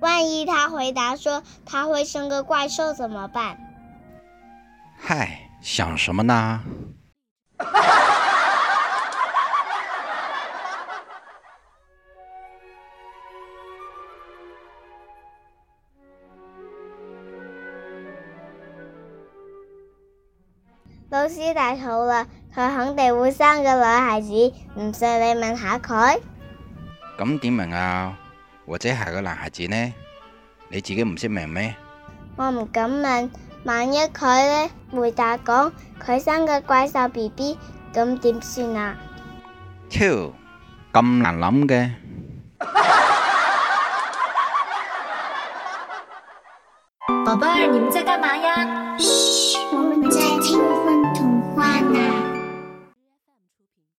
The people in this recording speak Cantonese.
萬一他回答說他會生個怪獸怎麼辦？嗨，想什麼呢？ 老師大肚了，佢肯定會生個女孩子，唔信你問下佢。咁點明啊？或者係個男孩子呢？你自己唔識明咩？我唔敢問，萬一佢呢回答講佢生個怪獸 BB，咁點算啊？超咁難諗嘅。寶貝兒，你們在幹嗎呀？